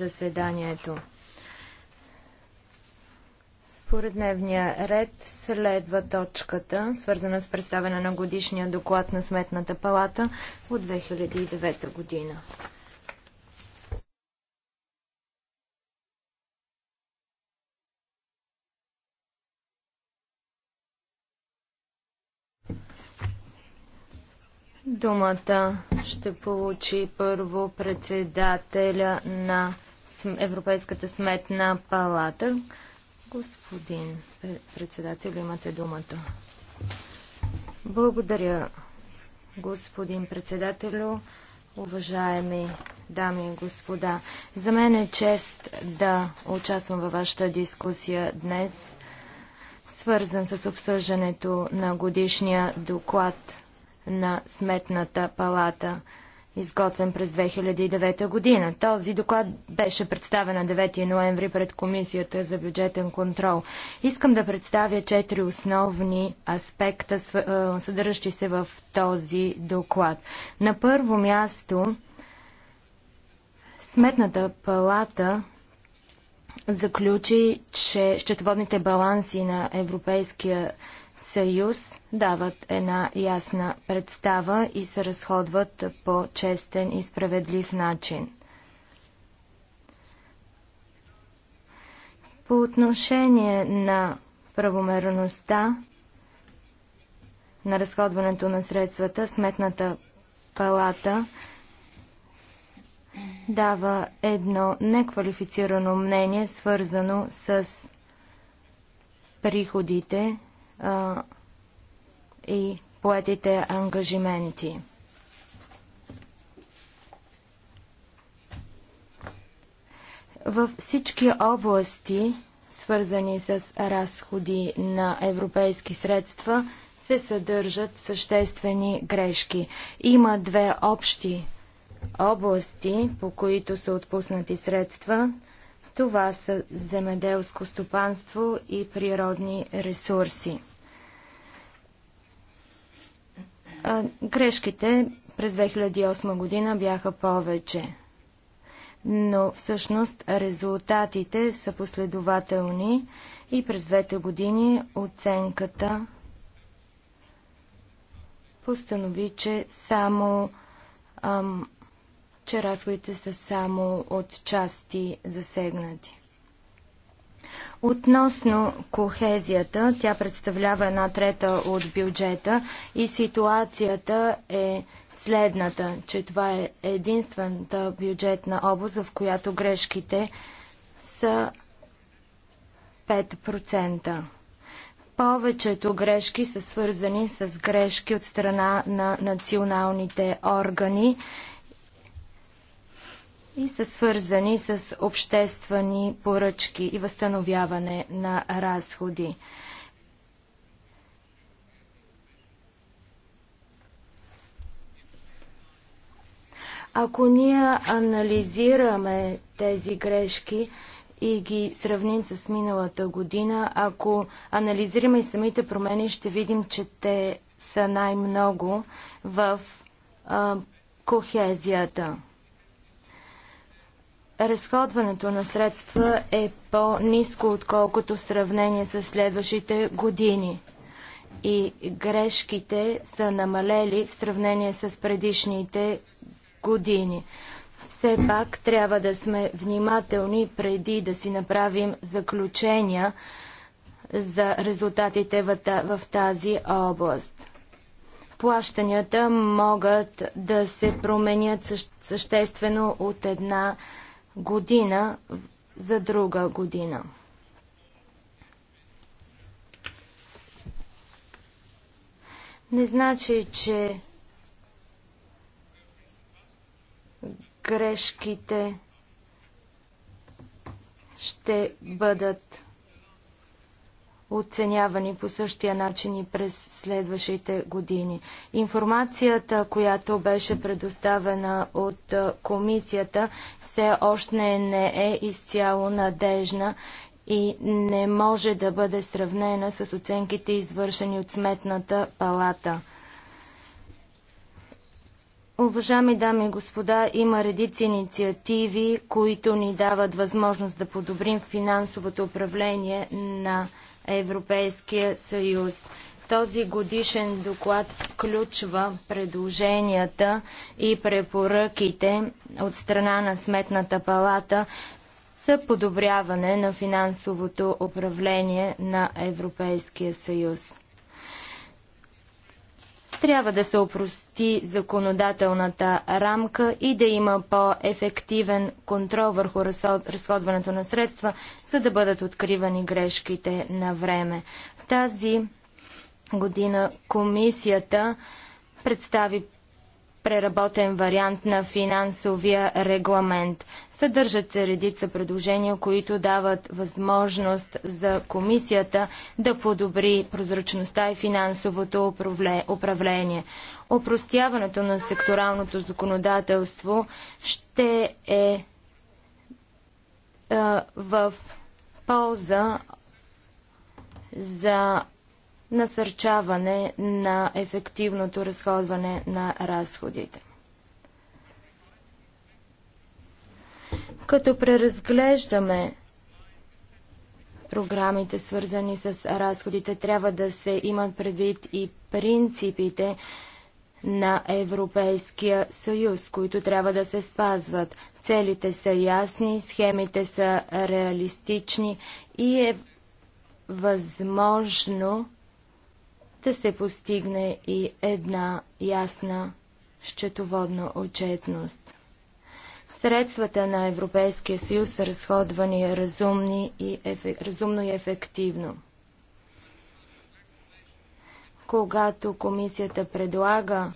заседанието. Според дневния ред следва точката, свързана с представяне на годишния доклад на Сметната палата от 2009 година. Думата ще получи първо председателя на Европейската сметна палата. Господин председател, имате думата. Благодаря, господин председателю, уважаеми дами и господа. За мен е чест да участвам във вашата дискусия днес, свързан с обсъждането на годишния доклад на Сметната палата – изготвен през 2009 година. Този доклад беше представен на 9 ноември пред Комисията за бюджетен контрол. Искам да представя четири основни аспекта, съдържащи се в този доклад. На първо място, Сметната палата заключи, че счетоводните баланси на Европейския съюз дават една ясна представа и се разходват по честен и справедлив начин. По отношение на правомерността на разходването на средствата, Сметната палата дава едно неквалифицирано мнение, свързано с приходите а, и поетите ангажименти. Във всички области, свързани с разходи на европейски средства, се съдържат съществени грешки. Има две общи области, по които са отпуснати средства. Това са земеделско стопанство и природни ресурси. Грешките през 2008 година бяха повече, но всъщност резултатите са последователни и през двете години оценката постанови, че само ам, че разходите са само от части засегнати. Относно кохезията, тя представлява една трета от бюджета и ситуацията е следната, че това е единствената бюджетна област, в която грешките са 5%. Повечето грешки са свързани с грешки от страна на националните органи и са свързани с обществени поръчки и възстановяване на разходи. Ако ние анализираме тези грешки и ги сравним с миналата година, ако анализираме и самите промени, ще видим, че те са най-много в а, кохезията разходването на средства е по-низко, отколкото в сравнение с следващите години. И грешките са намалели в сравнение с предишните години. Все пак трябва да сме внимателни преди да си направим заключения за резултатите в тази област. Плащанията могат да се променят съществено от една година за друга година. Не значи, че грешките ще бъдат оценявани по същия начин и през следващите години. Информацията, която беше предоставена от комисията, все още не е изцяло надежна и не може да бъде сравнена с оценките, извършени от Сметната палата. Уважаеми дами и господа, има редици инициативи, които ни дават възможност да подобрим финансовото управление на Европейския съюз. Този годишен доклад включва предложенията и препоръките от страна на Сметната палата за подобряване на финансовото управление на Европейския съюз. Трябва да се опрости законодателната рамка и да има по-ефективен контрол върху разходването на средства, за да бъдат откривани грешките на време. Тази година комисията представи преработен вариант на финансовия регламент. Съдържат се редица предложения, които дават възможност за комисията да подобри прозрачността и финансовото управление. Опростяването на секторалното законодателство ще е в полза за насърчаване на ефективното разходване на разходите. Като преразглеждаме програмите, свързани с разходите, трябва да се имат предвид и принципите на Европейския съюз, които трябва да се спазват. Целите са ясни, схемите са реалистични и е възможно да се постигне и една ясна счетоводна отчетност. Средствата на Европейския съюз са разходвани разумни и еф... разумно и ефективно. Когато комисията предлага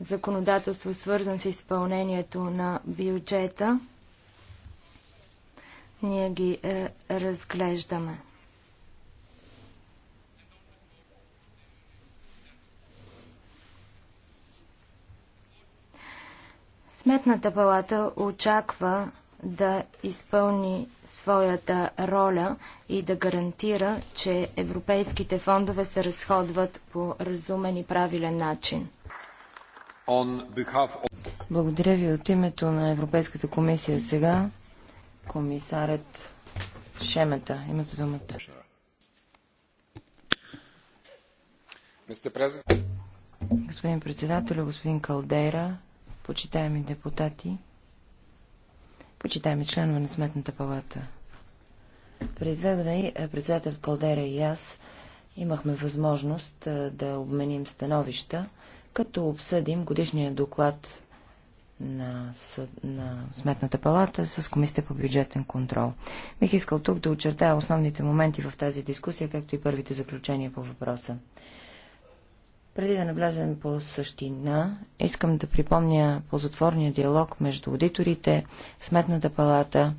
законодателство, свързан с изпълнението на бюджета, ние ги е, разглеждаме. Сметната палата очаква да изпълни своята роля и да гарантира, че европейските фондове се разходват по разумен и правилен начин. Благодаря ви от името на Европейската комисия сега. Комисарят Шемета, имате думата. Господин председател, господин Калдейра, почитаеми депутати, почитаеми членове на Сметната палата. Преди две години е, председател Калдера и аз имахме възможност е, да обменим становища, като обсъдим годишния доклад на, съд... на Сметната палата с Комисията по бюджетен контрол. Бих искал тук да очертая основните моменти в тази дискусия, както и първите заключения по въпроса. Преди да навлезем по същина, искам да припомня ползотворния диалог между аудиторите, Сметната палата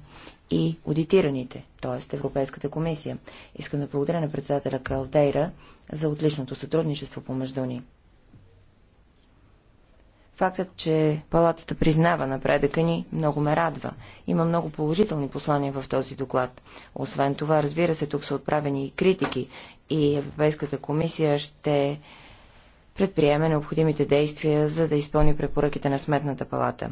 и аудитираните, т.е. Европейската комисия. Искам да благодаря на председателя Калдейра за отличното сътрудничество помежду ни. Фактът, че палатата признава напредъка ни, много ме радва. Има много положителни послания в този доклад. Освен това, разбира се, тук са отправени и критики и Европейската комисия ще предприеме необходимите действия, за да изпълни препоръките на Сметната палата.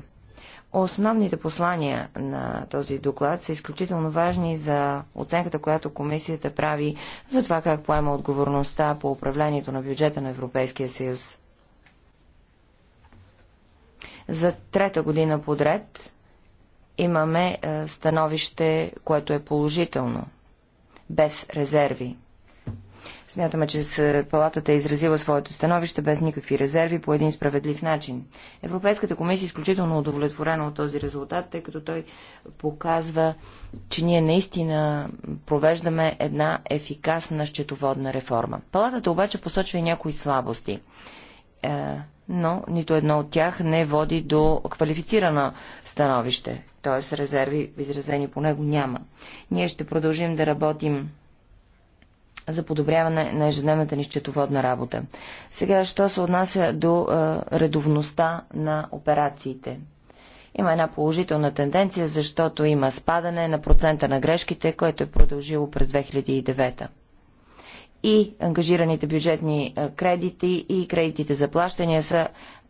Основните послания на този доклад са изключително важни за оценката, която комисията прави за това как поема отговорността по управлението на бюджета на Европейския съюз. За трета година подред имаме е, становище, което е положително, без резерви. Смятаме, че палатата е изразила своето становище без никакви резерви по един справедлив начин. Европейската комисия е изключително удовлетворена от този резултат, тъй като той показва, че ние наистина провеждаме една ефикасна счетоводна реформа. Палатата обаче посочва и някои слабости е, но нито едно от тях не води до квалифицирана становище, т.е. резерви, изразени по него няма. Ние ще продължим да работим за подобряване на ежедневната ни счетоводна работа. Сега, що се отнася до а, е, редовността на операциите? Има една положителна тенденция, защото има спадане на процента на грешките, което е продължило през 2009 и ангажираните бюджетни е, кредити и кредитите за плащания са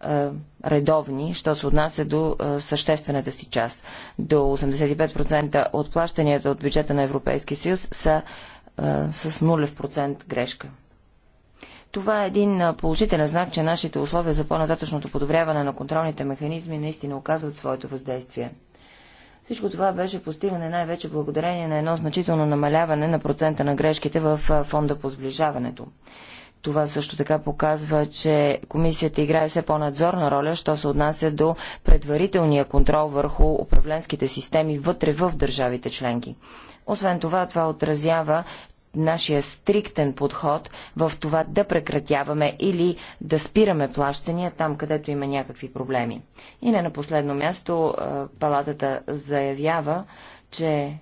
е, редовни, що се отнася до е, съществената си част. До 85% от плащанията от бюджета на Европейския съюз са с нулев процент грешка. Това е един положителен знак, че нашите условия за по-нататъчното подобряване на контролните механизми наистина оказват своето въздействие. Всичко това беше постигане най-вече благодарение на едно значително намаляване на процента на грешките в фонда по сближаването. Това също така показва, че комисията играе все по-надзорна роля, що се отнася до предварителния контрол върху управленските системи вътре в държавите членки. Освен това, това отразява нашия стриктен подход в това да прекратяваме или да спираме плащания там, където има някакви проблеми. И не на последно място, палатата заявява, че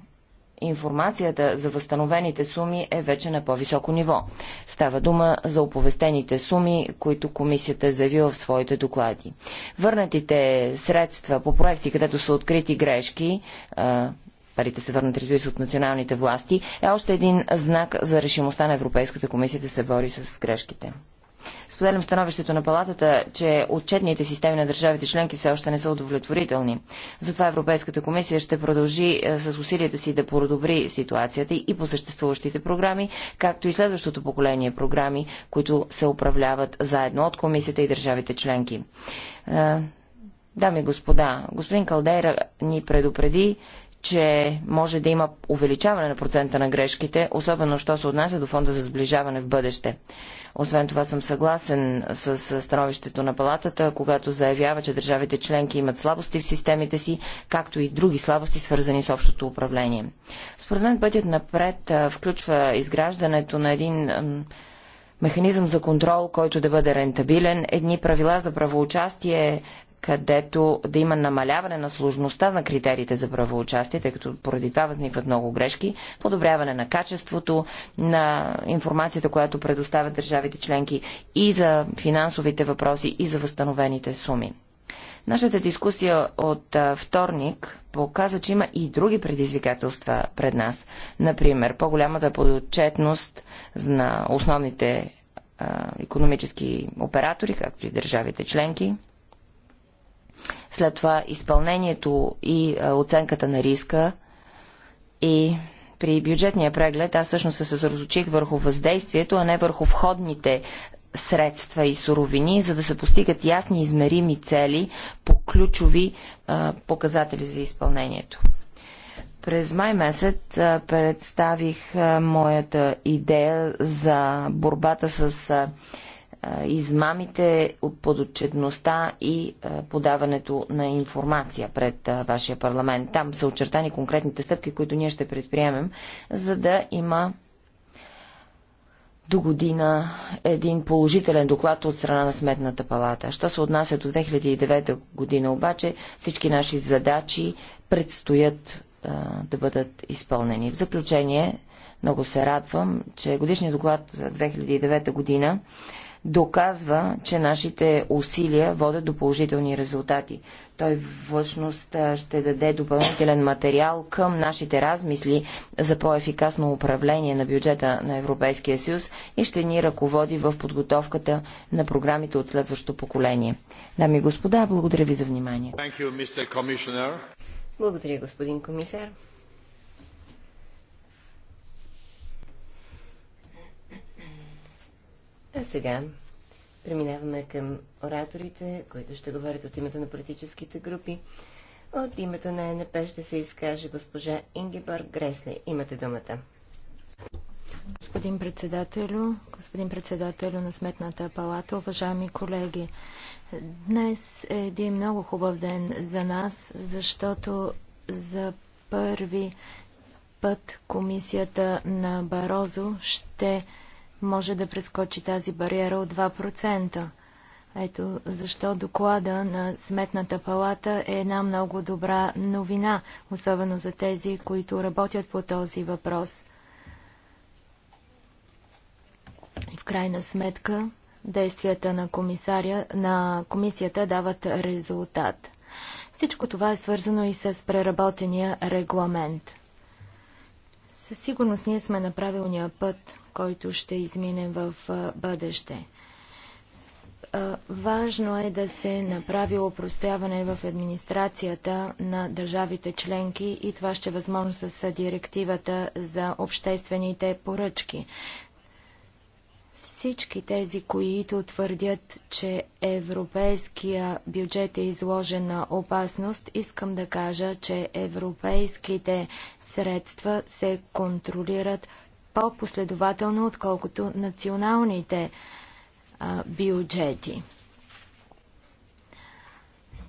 информацията за възстановените суми е вече на по-високо ниво. Става дума за оповестените суми, които комисията е заявила в своите доклади. Върнатите средства по проекти, където са открити грешки, парите се върнат, разбира се, от националните власти, е още един знак за решимостта на Европейската комисия да се бори с грешките. Споделям становището на палатата, че отчетните системи на държавите членки все още не са удовлетворителни. Затова Европейската комисия ще продължи е, с усилията си да продобри ситуацията и по съществуващите програми, както и следващото поколение програми, които се управляват заедно от комисията и държавите членки. Е, дами и господа, господин Калдейра ни предупреди, че може да има увеличаване на процента на грешките, особено що се отнася до фонда за сближаване в бъдеще. Освен това съм съгласен с, становището на палатата, когато заявява, че държавите членки имат слабости в системите си, както и други слабости, свързани с общото управление. Според мен пътят напред включва изграждането на един механизъм за контрол, който да бъде рентабилен, едни правила за правоучастие, където да има намаляване на сложността на критериите за правоучастие, тъй като поради това възникват много грешки, подобряване на качеството на информацията, която предоставят държавите членки и за финансовите въпроси и за възстановените суми. Нашата дискусия от вторник показа, че има и други предизвикателства пред нас. Например, по-голямата подотчетност на основните економически оператори, както и държавите членки, след това изпълнението и е, оценката на риска и при бюджетния преглед аз всъщност се съсредоточих върху въздействието, а не върху входните средства и суровини, за да се постигат ясни измерими цели по ключови а, е, показатели за изпълнението. През май месец а, е, представих а, моята идея за борбата с измамите под отчетността и подаването на информация пред вашия парламент. Там са очертани конкретните стъпки, които ние ще предприемем, за да има до година един положителен доклад от страна на Сметната палата. Що се отнася до 2009 година обаче, всички наши задачи предстоят а, да бъдат изпълнени. В заключение, много се радвам, че годишният доклад за 2009 година доказва, че нашите усилия водят до положителни резултати. Той всъщност ще даде допълнителен материал към нашите размисли за по-ефикасно управление на бюджета на Европейския съюз и ще ни ръководи в подготовката на програмите от следващото поколение. Дами и господа, благодаря ви за внимание. Благодаря, господин комисар. А сега преминаваме към ораторите, които ще говорят от името на политическите групи. От името на ЕНП ще се изкаже госпожа Ингибор Гресле. Имате думата. Господин председателю, господин председателю на Сметната палата, уважаеми колеги, днес е един много хубав ден за нас, защото за първи път комисията на Барозо ще може да прескочи тази бариера от 2%. Ето защо доклада на Сметната палата е една много добра новина, особено за тези, които работят по този въпрос. И В крайна сметка, действията на, комисаря, на комисията дават резултат. Всичко това е свързано и с преработения регламент. Със сигурност ние сме на правилния път, който ще изминем в бъдеще. Важно е да се направи опростяване в администрацията на държавите членки и това ще е възможно с директивата за обществените поръчки. Всички тези, които твърдят, че европейския бюджет е изложен на опасност, искам да кажа, че европейските средства се контролират по-последователно, отколкото националните а, бюджети.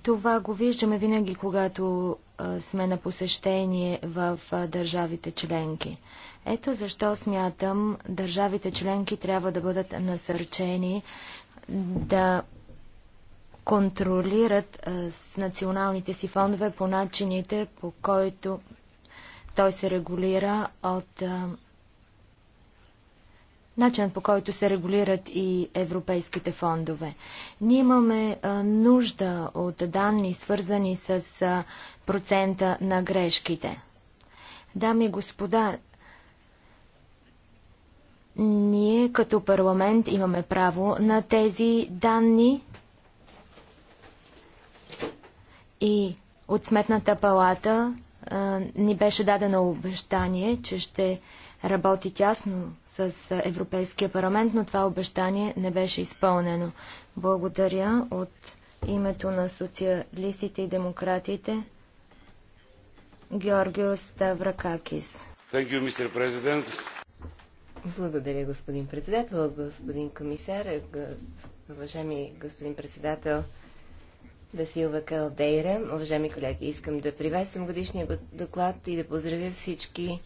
Това го виждаме винаги, когато сме на посещение в държавите членки. Ето защо смятам, държавите членки трябва да бъдат насърчени да контролират с националните си фондове по начините, по който той се регулира от а, начинът по който се регулират и европейските фондове. Ние имаме нужда от данни, свързани с процента на грешките. Дами и господа, ние като парламент имаме право на тези данни и от Сметната палата а, ни беше дадено обещание, че ще работи тясно с Европейския парламент, но това обещание не беше изпълнено. Благодаря от името на социалистите и демократите Георгио Ставракакис. Thank you, Mr. President. Благодаря, господин председател, господин комисар, уважаеми господин председател Василва Калдейра, уважаеми колеги, искам да приветствам годишния доклад и да поздравя всички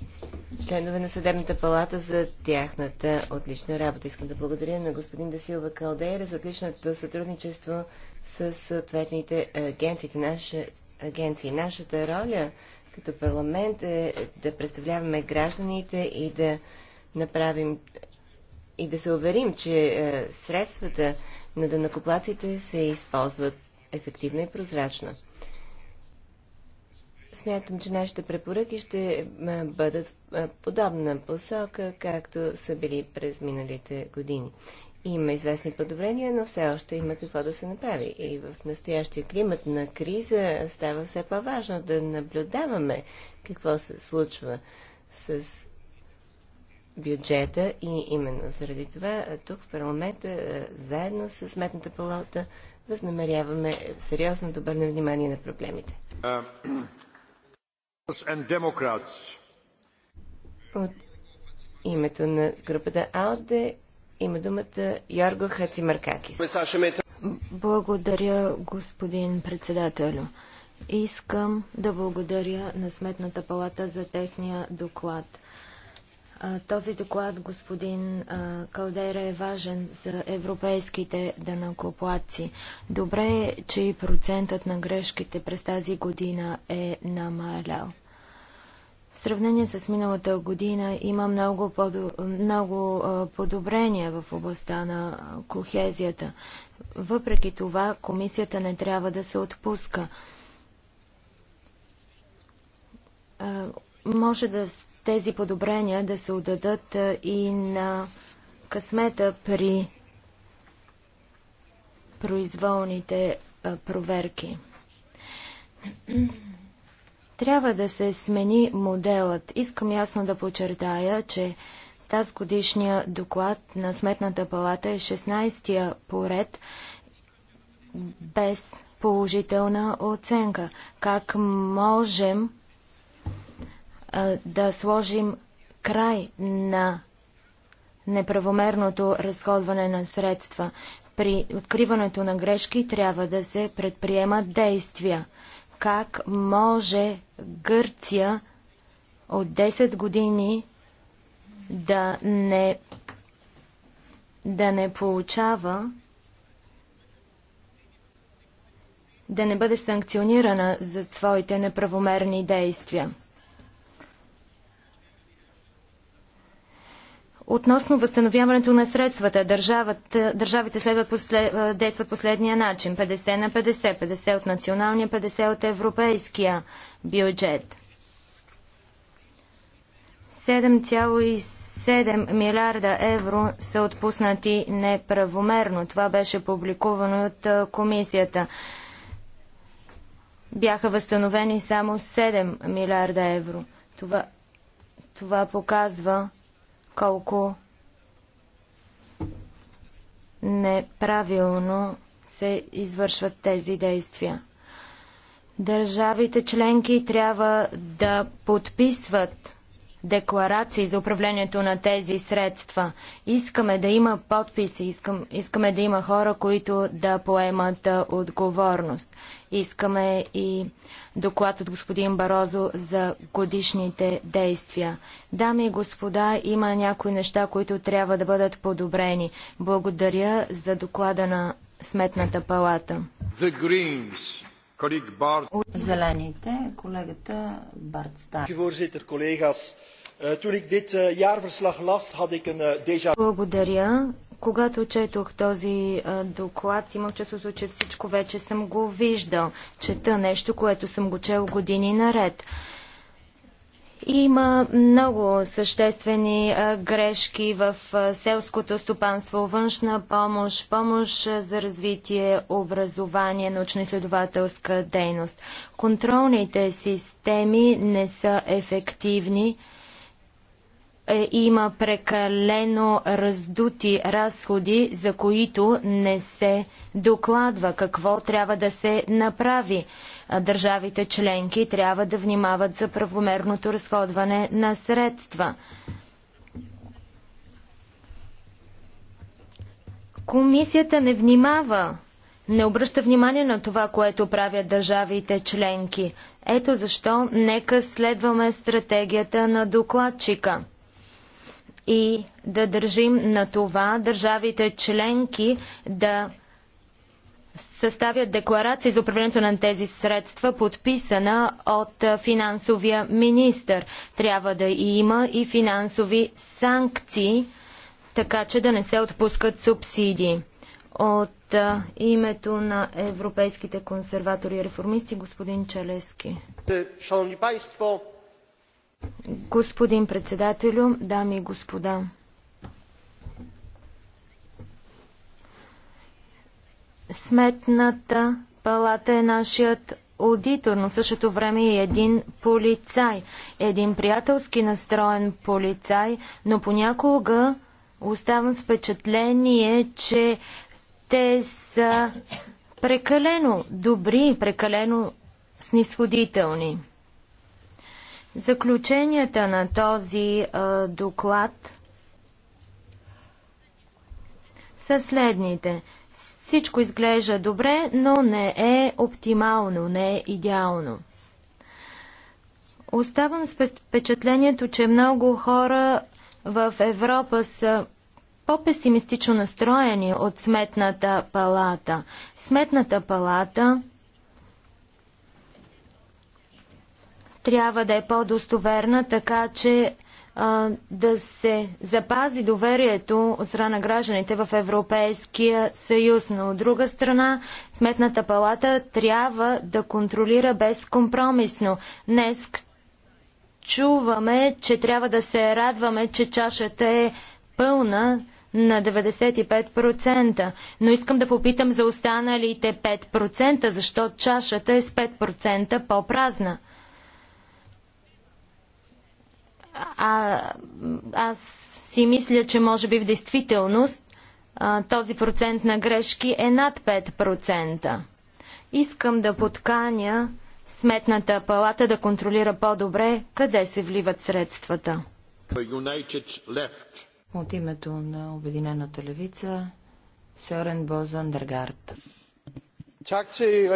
членове на Съдебната палата за тяхната отлична работа. Искам да благодаря на господин Дасилва Калдейра за отличното сътрудничество с съответните агенции, Наша, агенции. Нашата роля като парламент е да представляваме гражданите и да направим и да се уверим, че е, средствата на данакоплаците се използват ефективно и прозрачно. Смятам, че нашите препоръки ще бъдат подобна посока, както са били през миналите години. Има известни подобрения, но все още има какво да се направи. И в настоящия климат на криза става все по-важно да наблюдаваме какво се случва с бюджета и именно заради това тук в парламента заедно с Сметната палата възнамеряваме сериозно да обърнем внимание на проблемите. От името на групата АЛДЕ има думата Йорго Хацимаркакис. Благодаря, господин председателю. Искам да благодаря на Сметната палата за техния доклад. Този доклад, господин Калдера, е важен за европейските данакоплаци. Добре е, че и процентът на грешките през тази година е намалял. В сравнение с миналата година има много, под... много подобрения в областта на кохезията. Въпреки това, комисията не трябва да се отпуска. Може да тези подобрения да се отдадат и на късмета при произволните проверки. Трябва да се смени моделът. Искам ясно да подчертая, че тази годишния доклад на Сметната палата е 16-я поред без положителна оценка. Как можем да сложим край на неправомерното разходване на средства. При откриването на грешки трябва да се предприемат действия. Как може Гърция от 10 години да не, да не получава да не бъде санкционирана за своите неправомерни действия. Относно възстановяването на средствата, държавата, държавите следват послед, действат последния начин. 50 на 50, 50 от националния, 50 от европейския бюджет. 7,7 милиарда евро са отпуснати неправомерно. Това беше публикувано от комисията. Бяха възстановени само 7 милиарда евро. Това, това показва колко неправилно се извършват тези действия. Държавите членки трябва да подписват декларации за управлението на тези средства. Искаме да има подписи, искам, искаме да има хора, които да поемат отговорност. Искаме и доклад от господин Барозо за годишните действия. Дами и господа, има някои неща, които трябва да бъдат подобрени. Благодаря за доклада на Сметната палата. От зелените, колегата Барт Стар. Eh, eh, eh, Благодаря, когато четох този а, доклад, имам чувството, че всичко вече съм го виждал. Чета нещо, което съм го чел години наред. Има много съществени а, грешки в а, селското стопанство, външна помощ, помощ а, за развитие, образование, научно-изследователска дейност. Контролните системи не са ефективни. Е, има прекалено раздути разходи, за които не се докладва какво трябва да се направи. Държавите членки трябва да внимават за правомерното разходване на средства. Комисията не внимава, не обръща внимание на това, което правят държавите членки. Ето защо нека следваме стратегията на докладчика – и да държим на това държавите членки да съставят декларация за управлението на тези средства, подписана от финансовия министр. Трябва да има и финансови санкции, така че да не се отпускат субсидии. От името на европейските консерватори и реформисти, господин Челески. Шановни Господин председателю, дами и господа. Сметната палата е нашият аудитор, но в същото време е един полицай. Един приятелски настроен полицай, но понякога оставам с впечатление, че те са прекалено добри, прекалено снисходителни. Заключенията на този а, доклад са следните. Всичко изглежда добре, но не е оптимално, не е идеално. Оставам с впечатлението, че много хора в Европа са по-песимистично настроени от Сметната палата. Сметната палата трябва да е по-достоверна, така че а, да се запази доверието от страна на гражданите в Европейския съюз. Но от друга страна, Сметната палата трябва да контролира безкомпромисно. Днес чуваме, че трябва да се радваме, че чашата е пълна на 95%. Но искам да попитам за останалите 5%, защо чашата е с 5% по-празна. А, аз си мисля, че може би в действителност а, този процент на грешки е над 5%. Искам да подканя Сметната палата да контролира по-добре къде се вливат средствата. От името на Обединената левица Сърен Бозан Дъргард. Так til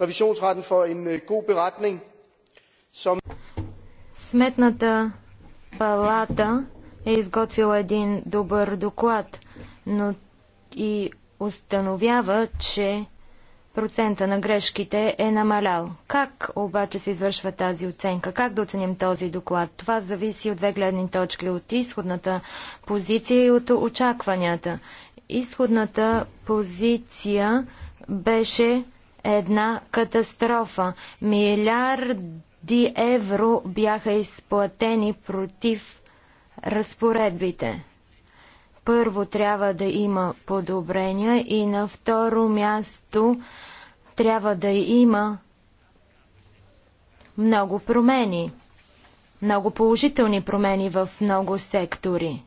revisionsretten for en øh, god beretning. Som... Сметната палата е изготвила един добър доклад, но и установява, че процента на грешките е намалял. Как обаче се извършва тази оценка? Как да оценим този доклад? Това зависи от две гледни точки, от изходната позиция и от очакванията. Изходната позиция беше една катастрофа. Милиард ди евро бяха изплатени против разпоредбите. Първо трябва да има подобрения и на второ място трябва да има много промени, много положителни промени в много сектори.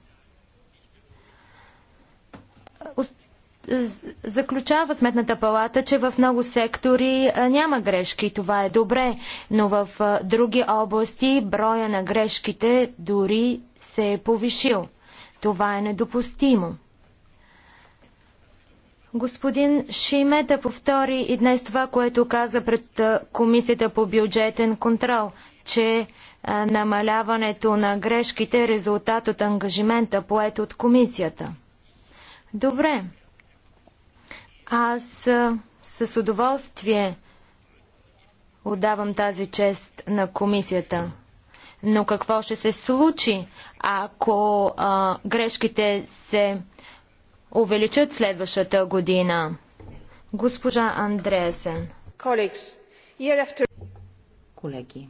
заключава Сметната палата, че в много сектори няма грешки. Това е добре, но в други области броя на грешките дори се е повишил. Това е недопустимо. Господин Шимета повтори и днес това, което каза пред Комисията по бюджетен контрол, че намаляването на грешките е резултат от ангажимента, поет от Комисията. Добре, аз с удоволствие отдавам тази чест на комисията. Но какво ще се случи, ако а, грешките се увеличат следващата година? Госпожа Андреасен. Колеги,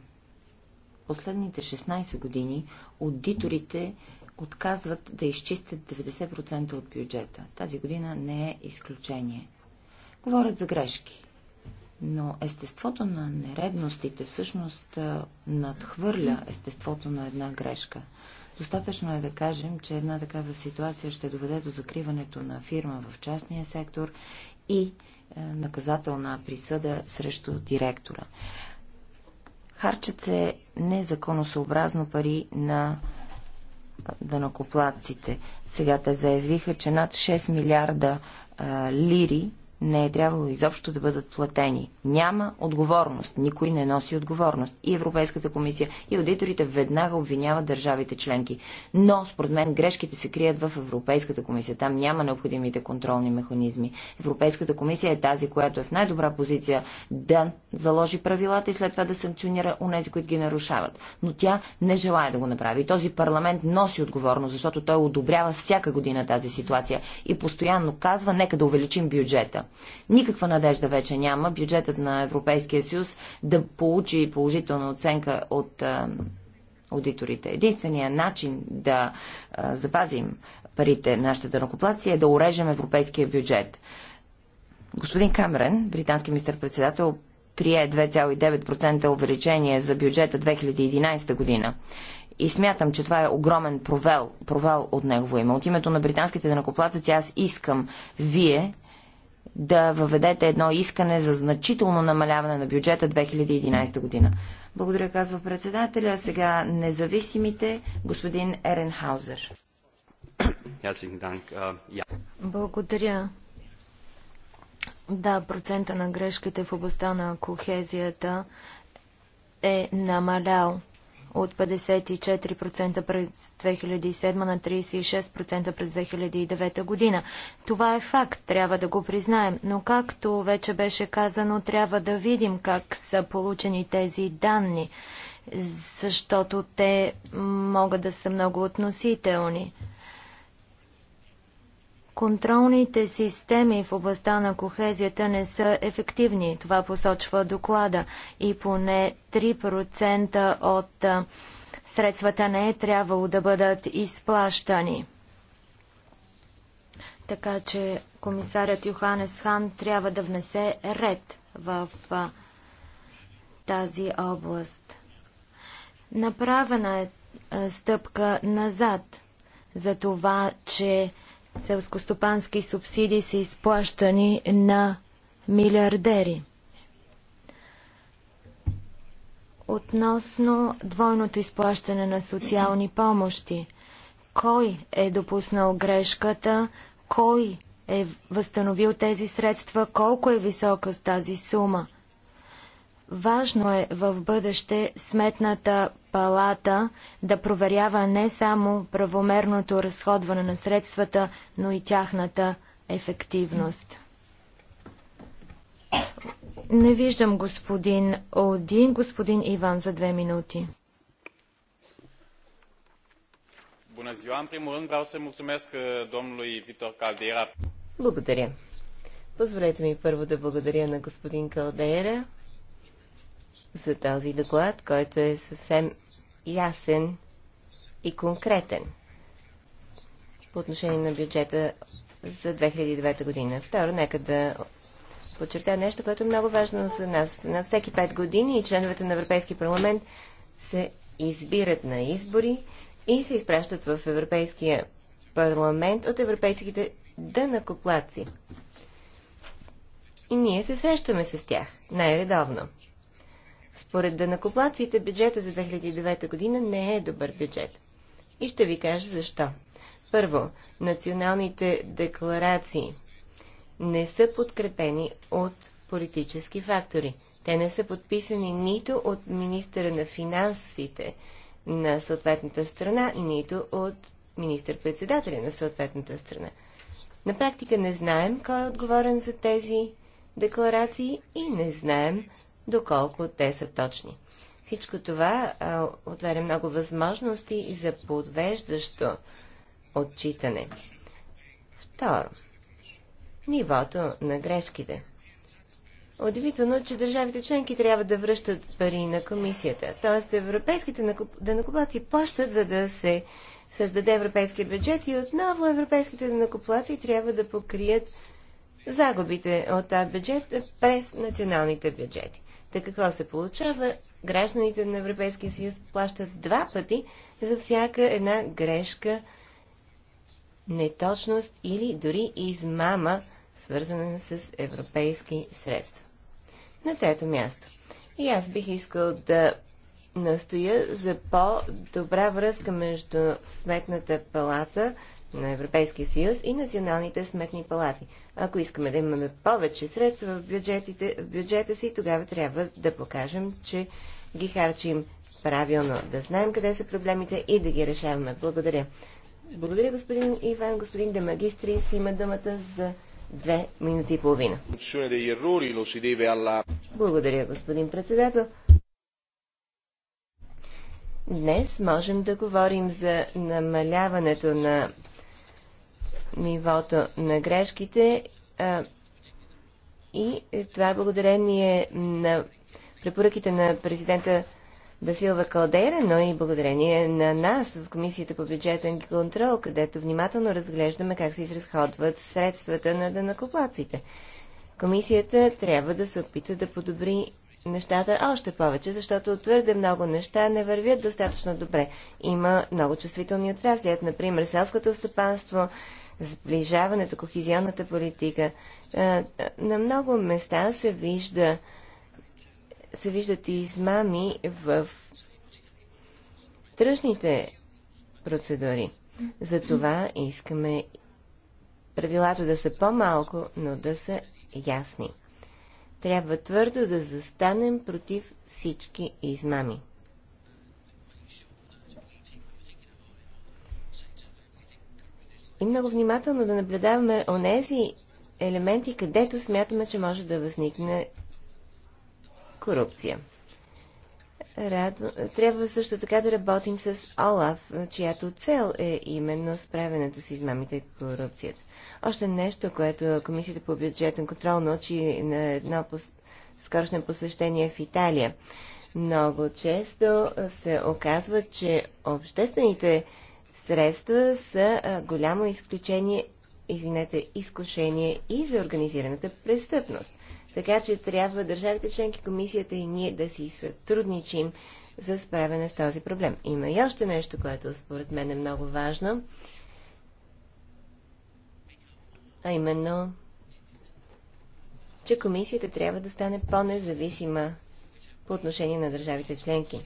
последните 16 години аудиторите отказват да изчистят 90% от бюджета. Тази година не е изключение. Говорят за грешки, но естеството на нередностите всъщност надхвърля естеството на една грешка. Достатъчно е да кажем, че една такава ситуация ще доведе до закриването на фирма в частния сектор и наказателна присъда срещу директора. Харчат се незаконосъобразно пари на данакоплатците. Сега те заявиха, че над 6 милиарда а, лири не е трябвало изобщо да бъдат платени. Няма отговорност. Никой не носи отговорност. И Европейската комисия, и аудиторите веднага обвиняват държавите членки. Но, според мен, грешките се крият в Европейската комисия. Там няма необходимите контролни механизми. Европейската комисия е тази, която е в най-добра позиция да заложи правилата и след това да санкционира унези, които ги нарушават. Но тя не желая да го направи. И този парламент носи отговорност, защото той одобрява всяка година тази ситуация и постоянно казва, нека да увеличим бюджета. Никаква надежда вече няма бюджетът на Европейския съюз да получи положителна оценка от а, аудиторите. Единственият начин да а, запазим парите на нашите данокоплаци е да урежем европейския бюджет. Господин Камерен, британски министър-председател, прие 2,9% увеличение за бюджета 2011 година. И смятам, че това е огромен провал, провал от негово име. От името на британските денакоплатъци аз искам вие да въведете едно искане за значително намаляване на бюджета 2011 година. Благодаря, казва председателя. Сега независимите, господин Еренхаузер. Äh, Благодаря. Да, процента на грешките в областта на кохезията е намалял от 54% през 2007 на 36% през 2009 година. Това е факт, трябва да го признаем, но както вече беше казано, трябва да видим как са получени тези данни, защото те могат да са много относителни. Контролните системи в областта на кохезията не са ефективни. Това посочва доклада. И поне 3% от средствата не е трябвало да бъдат изплащани. Така че комисарят Йоханес Хан трябва да внесе ред в тази област. Направена е стъпка назад за това, че Селскостопански субсидии са изплащани на милиардери. Относно двойното изплащане на социални помощи, кой е допуснал грешката, кой е възстановил тези средства, колко е висока с тази сума – Важно е в бъдеще сметната палата да проверява не само правомерното разходване на средствата, но и тяхната ефективност. Не виждам господин Один. Господин Иван за две минути. Uh, благодаря. Позволете ми първо да благодаря на господин Калдера за този доклад, който е съвсем ясен и конкретен по отношение на бюджета за 2009 година. Второ, нека да подчертая нещо, което е много важно за нас. На всеки 5 години и членовете на Европейски парламент се избират на избори и се изпращат в Европейския парламент от европейските дънакоплаци. И ние се срещаме с тях най-редовно. Според данакоплаците бюджета за 2009 година не е добър бюджет. И ще ви кажа защо. Първо, националните декларации не са подкрепени от политически фактори. Те не са подписани нито от министъра на финансите на съответната страна, нито от министър-председателя на съответната страна. На практика не знаем кой е отговорен за тези декларации и не знаем доколко те са точни. Всичко това а, отваря много възможности и за подвеждащо отчитане. Второ, нивото на грешките. Удивително, че държавите членки трябва да връщат пари на комисията. Тоест, европейските данакоплаци плащат, за да се създаде европейския бюджет и отново европейските данакоплаци трябва да покрият загубите от този бюджет през националните бюджети. Така какво се получава? Гражданите на Европейския съюз плащат два пъти за всяка една грешка, неточност или дори измама, свързана с европейски средства. На трето място. И аз бих искал да настоя за по-добра връзка между Сметната палата на Европейския съюз и националните сметни палати. Ако искаме да имаме повече средства в, бюджетите, в бюджета си, тогава трябва да покажем, че ги харчим правилно, да знаем къде са проблемите и да ги решаваме. Благодаря. Благодаря, господин Иван. Господин Демагистрис има думата за две минути и половина. Благодаря, господин председател. Днес можем да говорим за намаляването на нивото на грешките а, и това е благодарение на препоръките на президента Дасилва Калдейра, но и благодарение на нас в Комисията по бюджетен контрол, където внимателно разглеждаме как се изразходват средствата на данакоплаците. Комисията трябва да се опита да подобри нещата още повече, защото твърде много неща не вървят достатъчно добре. Има много чувствителни отрасли, например селското стопанство, сближаването, кохизионната политика. На много места се вижда се виждат и измами в тръжните процедури. Затова искаме правилата да са по-малко, но да са ясни. Трябва твърдо да застанем против всички измами. и много внимателно да наблюдаваме онези елементи, където смятаме, че може да възникне корупция. Радо... Трябва също така да работим с Олаф, чиято цел е именно справянето с измамите и корупцията. Още нещо, което Комисията по бюджетен контрол научи на едно пос... скорошно посещение в Италия. Много често се оказва, че обществените средства са голямо изключение, извинете, изкушение и за организираната престъпност. Така че трябва държавите членки, комисията и ние да си сътрудничим за справяне с този проблем. Има и още нещо, което според мен е много важно, а именно, че комисията трябва да стане по-независима по отношение на държавите членки.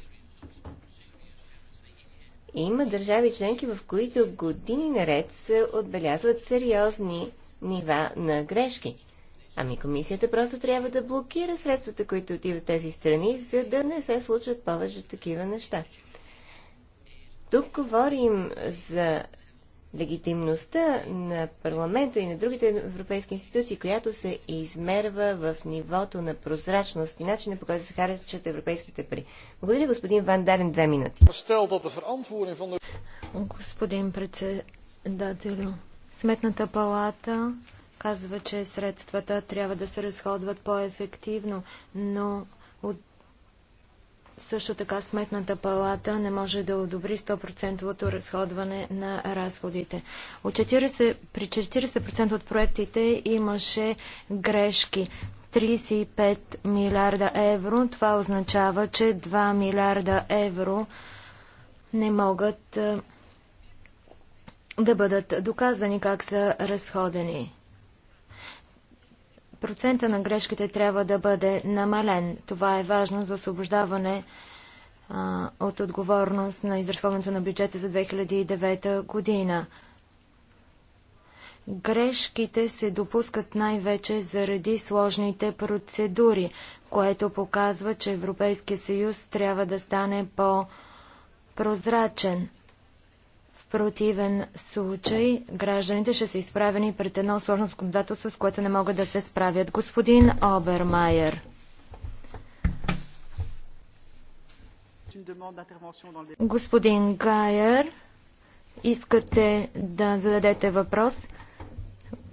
Има държави членки, в които години наред се отбелязват сериозни нива на грешки. Ами комисията просто трябва да блокира средствата, които отиват тези страни, за да не се случват повече такива неща. Тук говорим за легитимността на парламента и на другите европейски институции, която се измерва в нивото на прозрачност и начина по който се харчат европейските пари. Благодаря, господин Ван Дарен, две минути. Господин председателю, Сметната палата казва, че средствата трябва да се разходват по-ефективно, но от също така сметната палата не може да одобри 100 разходване на разходите. От 40, при 40% от проектите имаше грешки. 35 милиарда евро. Това означава, че 2 милиарда евро не могат е, да бъдат доказани как са разходени. Процента на грешките трябва да бъде намален. Това е важно за освобождаване а, от отговорност на изразходването на бюджета за 2009 година. Грешките се допускат най-вече заради сложните процедури, което показва, че Европейския съюз трябва да стане по-прозрачен противен случай гражданите ще са изправени пред едно сложно законодателство, с което не могат да се справят. Господин Обермайер. Господин Гайер, искате да зададете въпрос?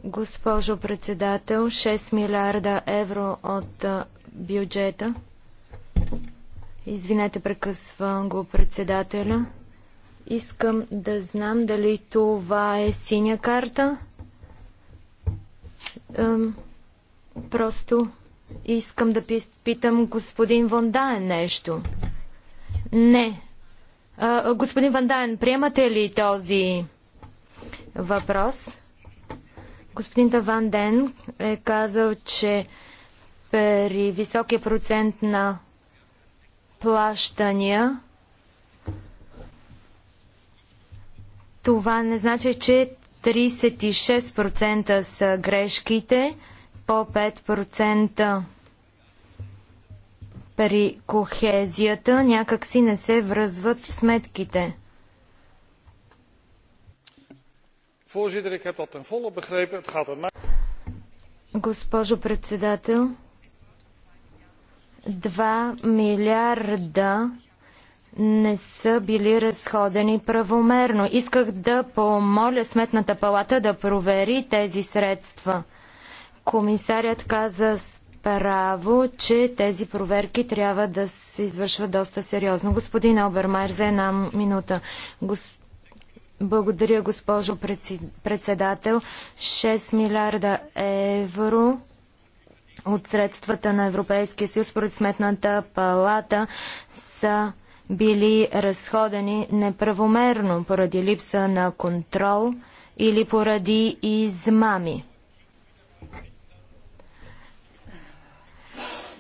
Госпожо председател, 6 милиарда евро от бюджета. Извинете, прекъсвам го председателя. Искам да знам дали това е синя карта. просто искам да питам господин Вондаен нещо. Не. А, господин Вандаен, приемате ли този въпрос? Господин Таван Ден е казал, че при високия процент на плащания Това не значи, че 36% са грешките, по 5% при кохезията някакси не се връзват сметките. Voorzitter, ik heb dat ten volle begrepen. Het gaat om Госпожо председател, 2 милиарда не са били разходени правомерно. Исках да помоля Сметната палата да провери тези средства. Комисарят каза право, че тези проверки трябва да се извършват доста сериозно. Господин Обермайер, за една минута. Гос... Благодаря, госпожо председател. 6 милиарда евро от средствата на Европейския съюз, според сметната палата, са били разходени неправомерно поради липса на контрол или поради измами.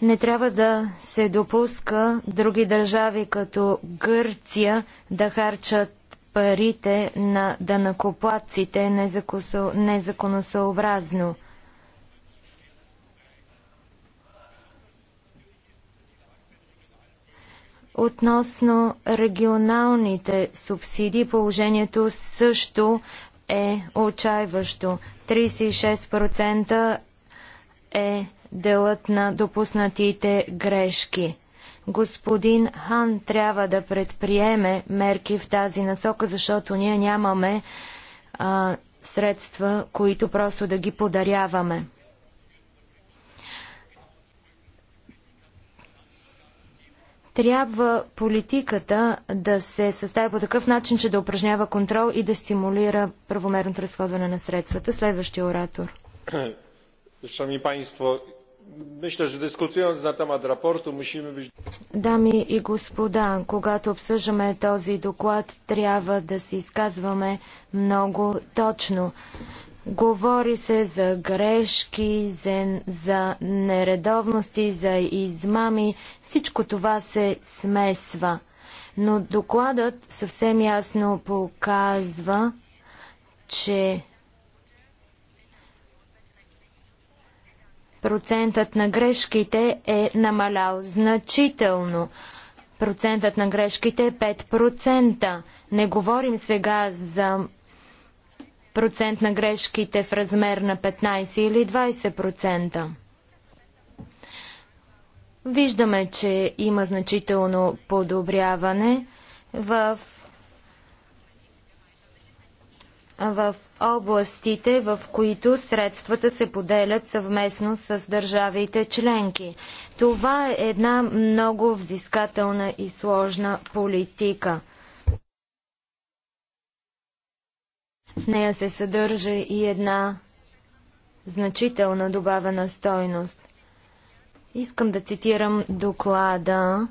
Не трябва да се допуска други държави като Гърция да харчат парите на данакоплаците незаконосъобразно. Относно регионалните субсидии, положението също е отчаиващо. 36% е делът на допуснатите грешки. Господин Хан трябва да предприеме мерки в тази насока, защото ние нямаме а, средства, които просто да ги подаряваме. трябва политиката да се състави по такъв начин, че да упражнява контрол и да стимулира правомерното разходване на средствата. Следващия оратор. Шановни панство, мисля, че дискутираме за тема рапорту, мусиме бич... Дами и господа, когато обсъждаме този доклад, трябва да се изказваме много точно. Говори се за грешки, за, за нередовности, за измами. Всичко това се смесва. Но докладът съвсем ясно показва, че процентът на грешките е намалял значително. Процентът на грешките е 5%. Не говорим сега за процент на грешките в размер на 15 или 20%. Виждаме, че има значително подобряване в, в областите, в които средствата се поделят съвместно с държавите членки. Това е една много взискателна и сложна политика. В нея се съдържа и една значителна добавена стойност. Искам да цитирам доклада.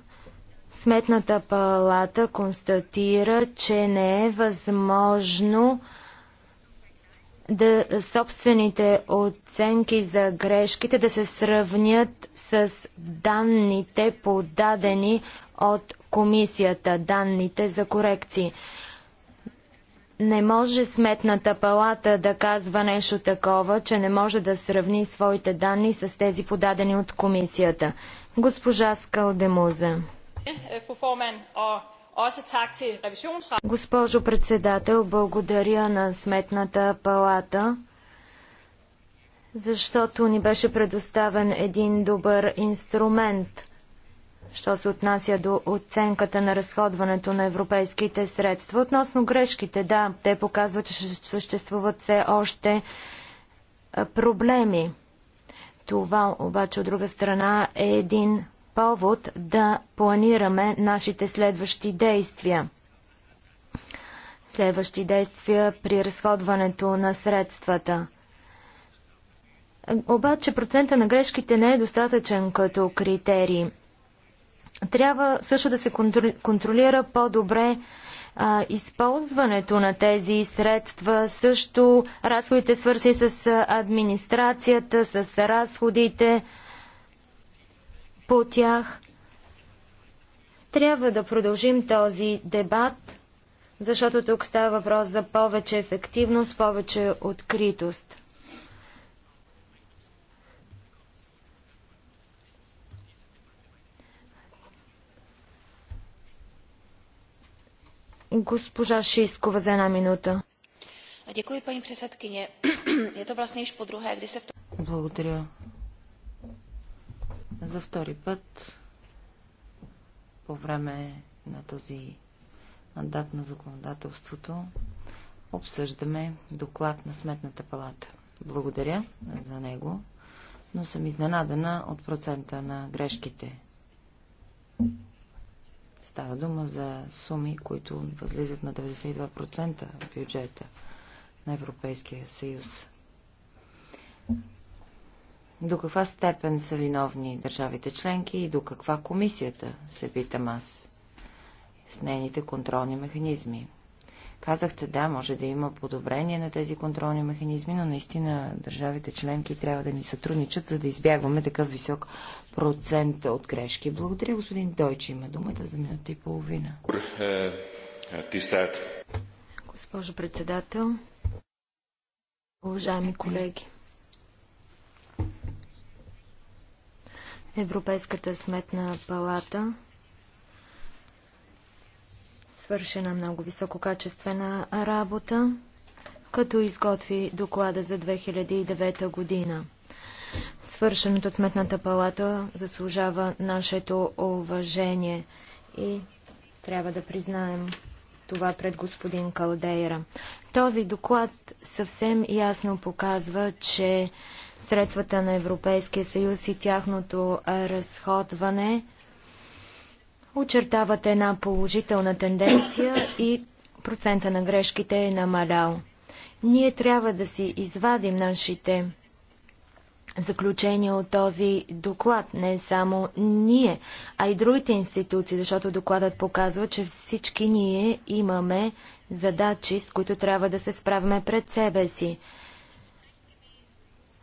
Сметната палата констатира, че не е възможно да собствените оценки за грешките да се сравнят с данните подадени от комисията, данните за корекции. Не може сметната палата да казва нещо такова, че не може да сравни своите данни с тези подадени от комисията. Госпожа Скалдемуза. Е, Госпожо председател, благодаря на сметната палата, защото ни беше предоставен един добър инструмент – що се отнася до оценката на разходването на европейските средства. Относно грешките, да, те показват, че съществуват все още е, проблеми. Това обаче от друга страна е един повод да планираме нашите следващи действия. Следващи действия при разходването на средствата. Обаче процента на грешките не е достатъчен като критерий. Трябва също да се контролира по-добре използването на тези средства, също разходите свързани с администрацията, с разходите по тях. Трябва да продължим този дебат, защото тук става въпрос за повече ефективност, повече откритост. Госпожа Шискова за една минута. Děkuji, paní předsedkyně. Je to vlastně již po druhé, kdy se v Благодаря. За втори път по време на този мандат на законодателството обсъждаме доклад на Сметната палата. Благодаря за него, но съм изненадана от процента на грешките. Става дума за суми, които възлизат на 92% в бюджета на Европейския съюз. До каква степен са виновни държавите членки и до каква комисията, се питам аз, с нейните контролни механизми? Казахте, да, може да има подобрение на тези контролни механизми, но наистина държавите членки трябва да ни сътрудничат, за да избягваме такъв висок процент от грешки. Благодаря, господин Дойче. Има думата за минута и половина. Госпожо председател, уважаеми колеги, Европейската сметна палата – свършена много висококачествена работа, като изготви доклада за 2009 година. Свършеното от Сметната палата заслужава нашето уважение и трябва да признаем това пред господин Калдейра. Този доклад съвсем ясно показва, че средствата на Европейския съюз и тяхното разходване – очертават една положителна тенденция и процента на грешките е намалял. Ние трябва да си извадим нашите заключения от този доклад. Не само ние, а и другите институции, защото докладът показва, че всички ние имаме задачи, с които трябва да се справяме пред себе си.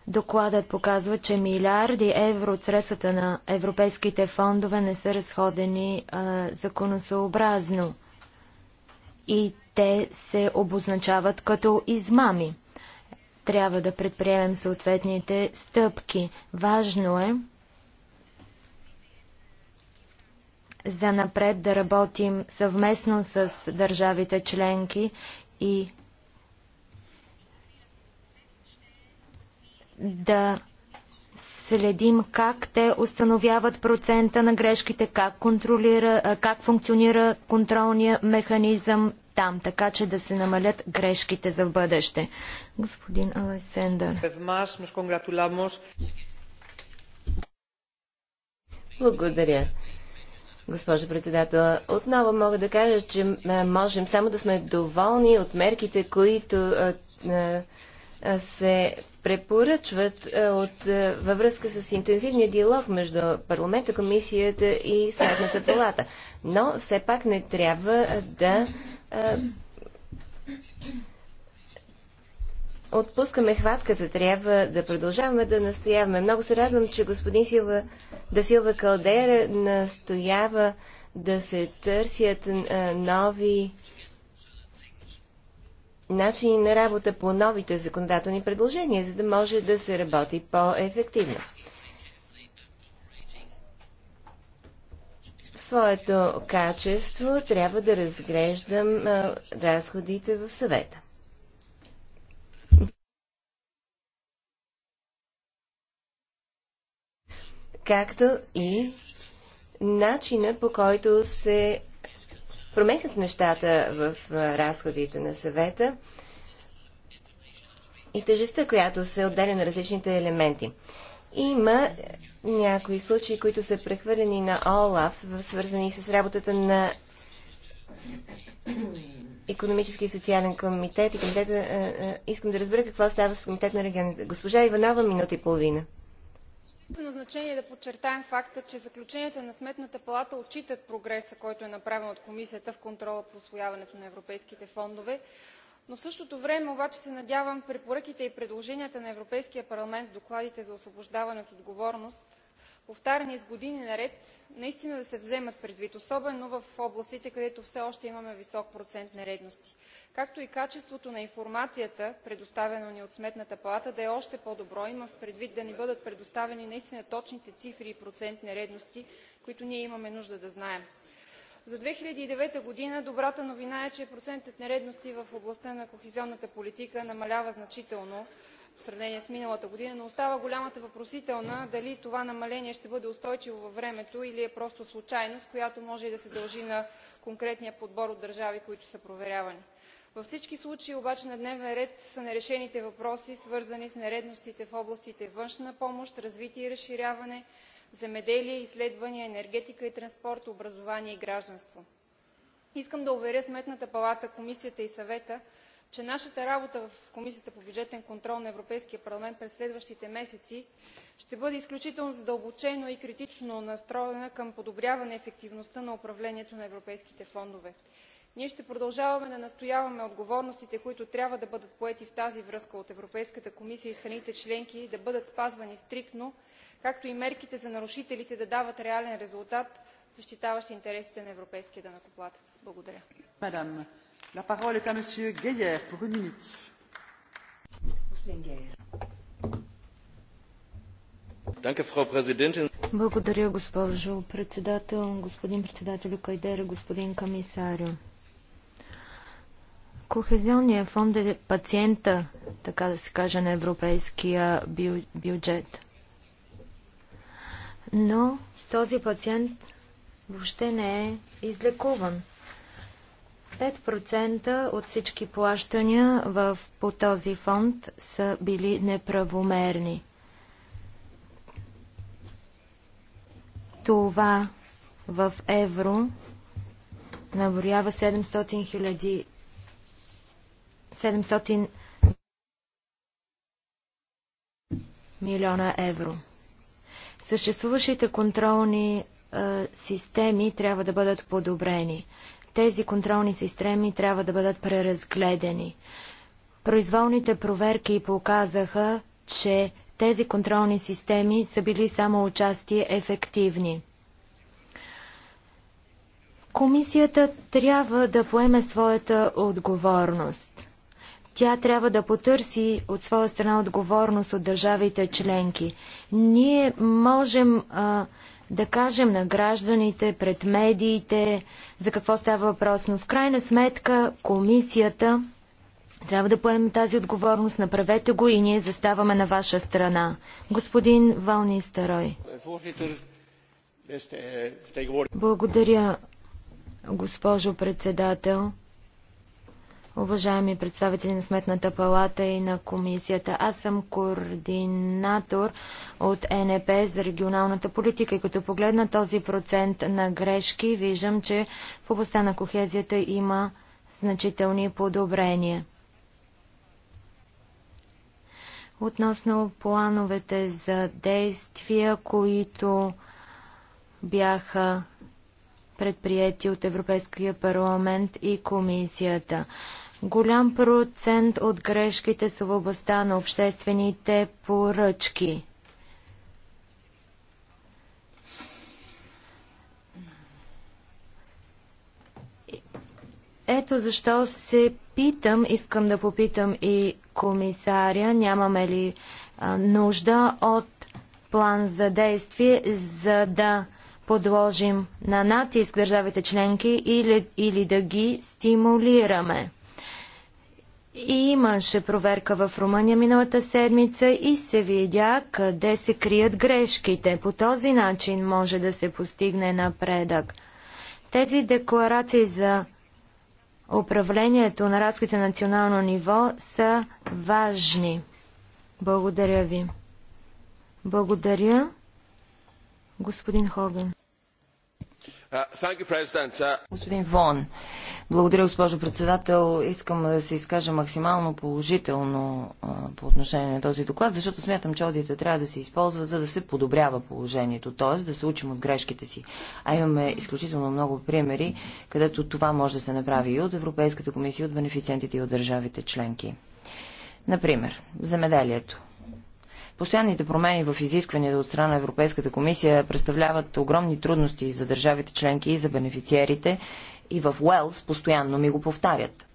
Докладът показва, че милиарди евро от средствата на европейските фондове не са разходени а, законосъобразно и те се обозначават като измами. Трябва да предприемем съответните стъпки. Важно е за напред да работим съвместно с държавите членки и да следим как те установяват процента на грешките, как, контролира, как функционира контролния механизъм там, така че да се намалят грешките за бъдеще. Господин Алесендър. Благодаря. Госпожа председател, отново мога да кажа, че можем само да сме доволни от мерките, които се препоръчват е, от, е, във връзка с интензивния диалог между парламента, комисията и Сметната палата. Но все пак не трябва да е, отпускаме хватката, трябва да продължаваме да настояваме. Много се радвам, че господин Силва, да Силва Калдера настоява да се търсят нови начини на работа по новите законодателни предложения, за да може да се работи по-ефективно. В своето качество трябва да разглеждам а, разходите в съвета. Както и начина по който се променят нещата в разходите на съвета и тъжеста, която се отделя на различните елементи. Има е, някои случаи, които са прехвърлени на ОЛАФ, свързани с работата на економически и социален комитет и комитета, э, э, искам да разбера какво става с комитет на регионите. Госпожа Иванова, минута и половина. Особено значение е да подчертаем факта, че заключенията на Сметната палата отчитат прогреса, който е направен от Комисията в контрола по освояването на европейските фондове, но в същото време обаче се надявам препоръките и предложенията на Европейския парламент в докладите за освобождаване от отговорност повтаряни с години наред наистина да се вземат предвид особено в областите където все още имаме висок процент нередности както и качеството на информацията предоставена ни от сметната палата да е още по добро имам предвид да ни бъдат предоставени наистина точните цифри и процент нередности които ние имаме нужда да знаем. за 2009 година, добрата новина е че процентът нередности в областта на кохезионната политика намалява значително в сравнение с миналата година, но остава голямата въпросителна дали това намаление ще бъде устойчиво във времето или е просто случайност, която може и да се дължи на конкретния подбор от държави, които са проверявани. Във всички случаи обаче на дневен ред са нерешените въпроси, свързани с нередностите в областите външна помощ, развитие и разширяване, земеделие, изследвания, енергетика и транспорт, образование и гражданство. Искам да уверя Сметната палата, Комисията и Съвета, че нашата работа в Комисията по бюджетен контрол на Европейския парламент през следващите месеци ще бъде изключително задълбочено и критично настроена към подобряване ефективността на управлението на европейските фондове. Ние ще продължаваме да настояваме отговорностите, които трябва да бъдат поети в тази връзка от Европейската комисия и страните членки, да бъдат спазвани стриктно, както и мерките за нарушителите да дават реален резултат, защитаващ интересите на европейския данъкоплатец. Благодаря. Благодаря, госпожо председател, господин председател Кайдер, господин комисарю. Кохезионният фонд е пациента, така да се каже, на европейския бюджет. Но този пациент въобще не е излекуван. 5% от всички плащания в, по този фонд са били неправомерни. Това в евро наборява 700 хиляди 700 милиона евро. Съществуващите контролни е, системи трябва да бъдат подобрени. Тези контролни системи трябва да бъдат преразгледани. Произволните проверки показаха, че тези контролни системи са били само участие ефективни. Комисията трябва да поеме своята отговорност. Тя трябва да потърси от своя страна отговорност от държавите членки. Ние можем а, да кажем на гражданите, пред медиите, за какво става въпрос. Но в крайна сметка комисията трябва да поеме тази отговорност, направете го и ние заставаме на ваша страна. Господин Старой. Благодаря, госпожо председател уважаеми представители на Сметната палата и на комисията. Аз съм координатор от НП за регионалната политика и като погледна този процент на грешки, виждам, че в областта на кохезията има значителни подобрения. Относно плановете за действия, които бяха предприяти от Европейския парламент и комисията. Голям процент от грешките са в областта на обществените поръчки. Ето защо се питам, искам да попитам и комисаря, нямаме ли а, нужда от план за действие, за да подложим на натиск държавите членки или, или да ги стимулираме. И Имаше проверка в Румъния миналата седмица и се видя къде се крият грешките. По този начин може да се постигне напредък. Тези декларации за управлението на разходите на национално ниво са важни. Благодаря ви. Благодаря, господин Хоган. Uh, uh, Господин Вон, благодаря, госпожо председател. Искам да се изкажа максимално положително по отношение на този доклад, защото смятам, че одита трябва да се използва, за да се подобрява положението, т.е. да се учим от грешките си. А имаме изключително много примери, където това може да се направи и от Европейската комисия, и от бенефициентите, и от държавите членки. Например, земеделието. Постоянните промени в изискванията от страна на Европейската комисия представляват огромни трудности за държавите членки и за бенефициерите и в Уелс постоянно ми го повтарят.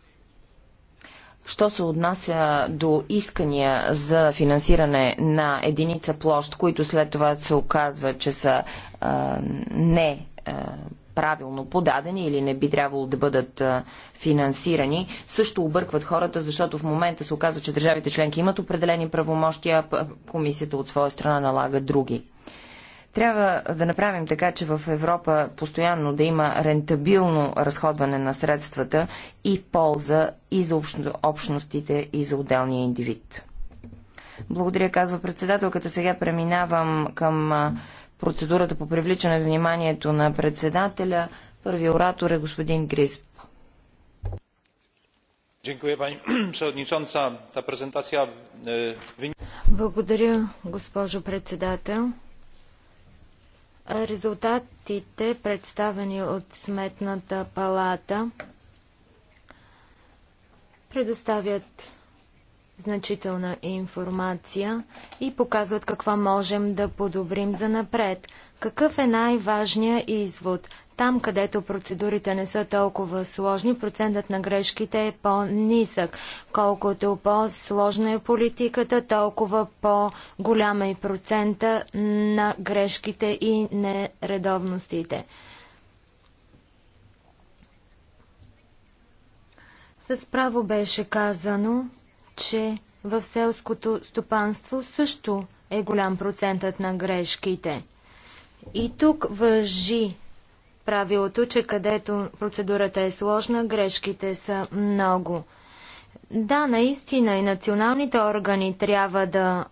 Що се отнася до искания за финансиране на единица площ, които след това се оказва, че са а, не а, правилно подадени или не би трябвало да бъдат финансирани, също объркват хората, защото в момента се оказва, че държавите членки имат определени правомощия, а комисията от своя страна налага други. Трябва да направим така, че в Европа постоянно да има рентабилно разходване на средствата и полза и за общностите, и за отделния индивид. Благодаря, казва председателката. Сега преминавам към процедурата по привличане на вниманието на председателя. Първи оратор е господин Грисп. E, Благодаря, госпожо председател. Резултатите, представени от Сметната палата, предоставят значителна информация и показват какво можем да подобрим за напред. Какъв е най-важният извод? Там, където процедурите не са толкова сложни, процентът на грешките е по-нисък. Колкото по-сложна е политиката, толкова по-голяма е процента на грешките и нередовностите. С право беше казано, че в селското стопанство също е голям процентът на грешките. И тук въжи правилото, че където процедурата е сложна, грешките са много. Да, наистина и националните органи трябва да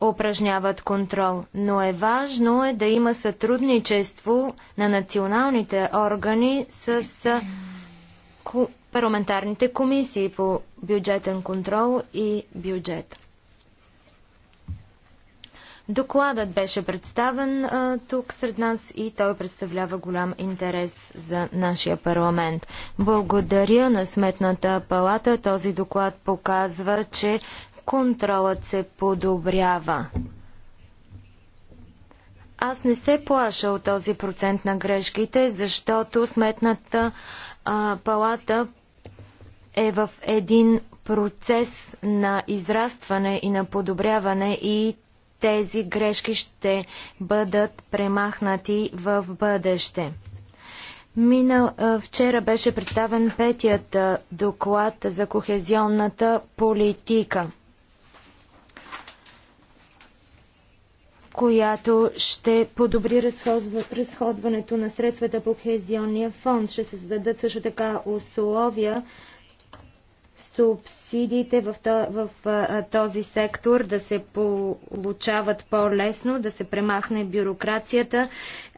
упражняват контрол, но е важно е да има сътрудничество на националните органи с парламентарните комисии по бюджетен контрол и бюджет. Докладът беше представен а, тук сред нас и той представлява голям интерес за нашия парламент. Благодаря на Сметната палата. Този доклад показва, че контролът се подобрява. Аз не се плаша от този процент на грешките, защото Сметната а, палата е в един процес на израстване и на подобряване и тези грешки ще бъдат премахнати в бъдеще. Мина, вчера беше представен петият доклад за кохезионната политика, която ще подобри разходването на средствата по кохезионния фонд. Ще се създадат също така условия субсидиите в, този сектор да се получават по-лесно, да се премахне бюрокрацията,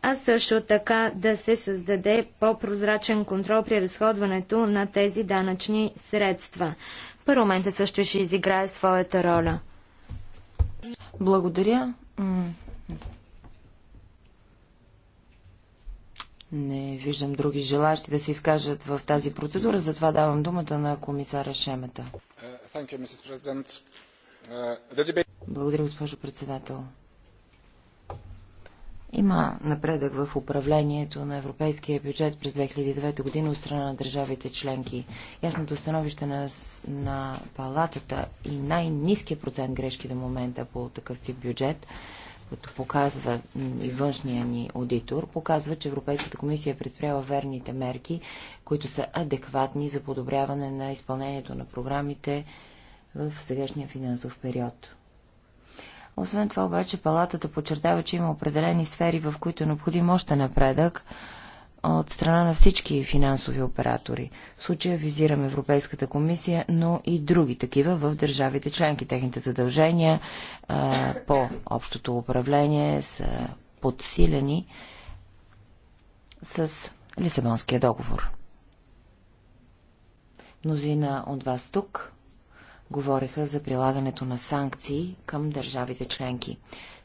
а също така да се създаде по-прозрачен контрол при разходването на тези данъчни средства. Парламента също ще изиграе своята роля. Благодаря. Не виждам други желащи да се изкажат в тази процедура, затова давам думата на комисаря Шемета. Е, е, Благодаря, госпожо председател. Има напредък в управлението на европейския бюджет през 2009 година от страна на държавите членки. Ясното становище на, на палатата и най-низкият процент грешки до момента по такъв тип бюджет – като показва и външния ни аудитор, показва, че Европейската комисия е предприела верните мерки, които са адекватни за подобряване на изпълнението на програмите в сегашния финансов период. Освен това обаче палатата подчертава, че има определени сфери, в които е необходим още напредък от страна на всички финансови оператори. В случая визирам Европейската комисия, но и други такива в държавите членки. Техните задължения по общото управление са подсилени с Лисабонския договор. Мнозина от вас тук говориха за прилагането на санкции към държавите членки.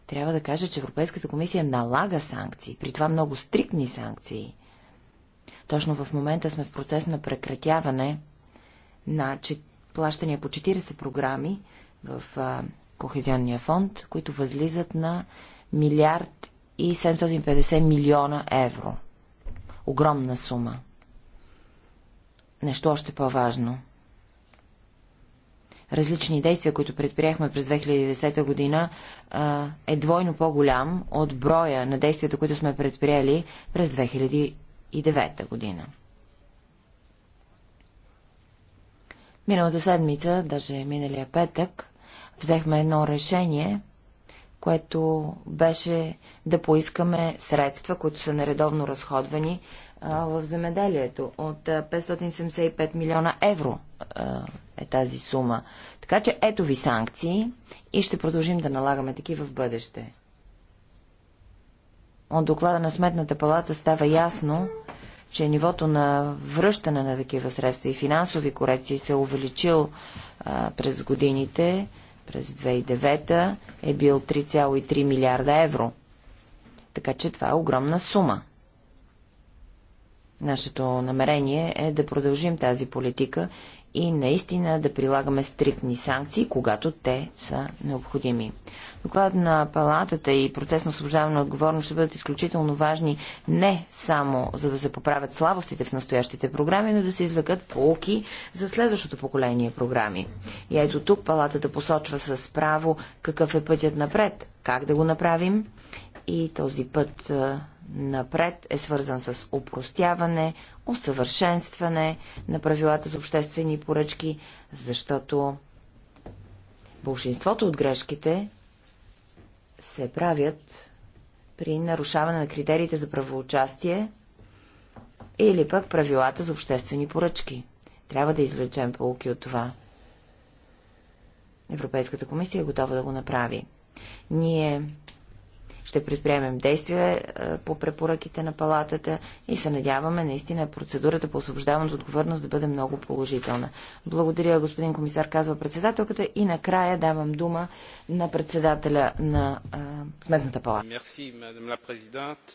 Трябва да кажа, че Европейската комисия налага санкции, при това много стриктни санкции. Точно в момента сме в процес на прекратяване на плащания по 40 програми в Кохезионния фонд, които възлизат на милиард и 750 милиона евро. Огромна сума. Нещо още по-важно. Различни действия, които предприехме през 2010 година, е двойно по-голям от броя на действията, които сме предприели през 2009 година. Миналата седмица, даже миналия петък, взехме едно решение, което беше да поискаме средства, които са нередовно разходвани а, в земеделието. От 575 милиона евро а, е тази сума. Така че ето ви санкции и ще продължим да налагаме такива в бъдеще. От доклада на Сметната палата става ясно, че нивото на връщане на такива средства и финансови корекции се е увеличил а, през годините през 2009 е бил 3,3 милиарда евро. Така че това е огромна сума. Нашето намерение е да продължим тази политика и наистина да прилагаме стриктни санкции, когато те са необходими. Докладът на палатата и процес на освобождаване на отговорност ще бъдат изключително важни не само за да се поправят слабостите в настоящите програми, но да се извлекат полуки за следващото поколение програми. И ето тук палатата посочва с право какъв е пътят напред, как да го направим и този път напред е свързан с упростяване, усъвършенстване на правилата за обществени поръчки, защото Большинството от грешките се правят при нарушаване на критериите за правоучастие или пък правилата за обществени поръчки. Трябва да извлечем полуки от това. Европейската комисия е готова да го направи. Ние ще предприемем действия е, по препоръките на палатата и се надяваме наистина процедурата по освобождаването отговорност да бъде много положителна. Благодаря, господин комисар, казва председателката и накрая давам дума на председателя на а, е, Сметната палата. Мерси, мадам ла президент.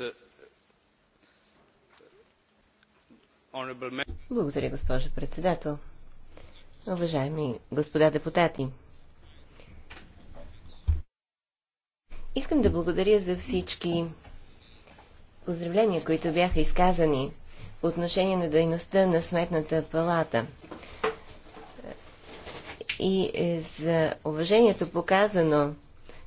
Благодаря, госпожо председател. Уважаеми господа депутати, Искам да благодаря за всички поздравления, които бяха изказани по отношение на дейността на Сметната палата и е, за уважението показано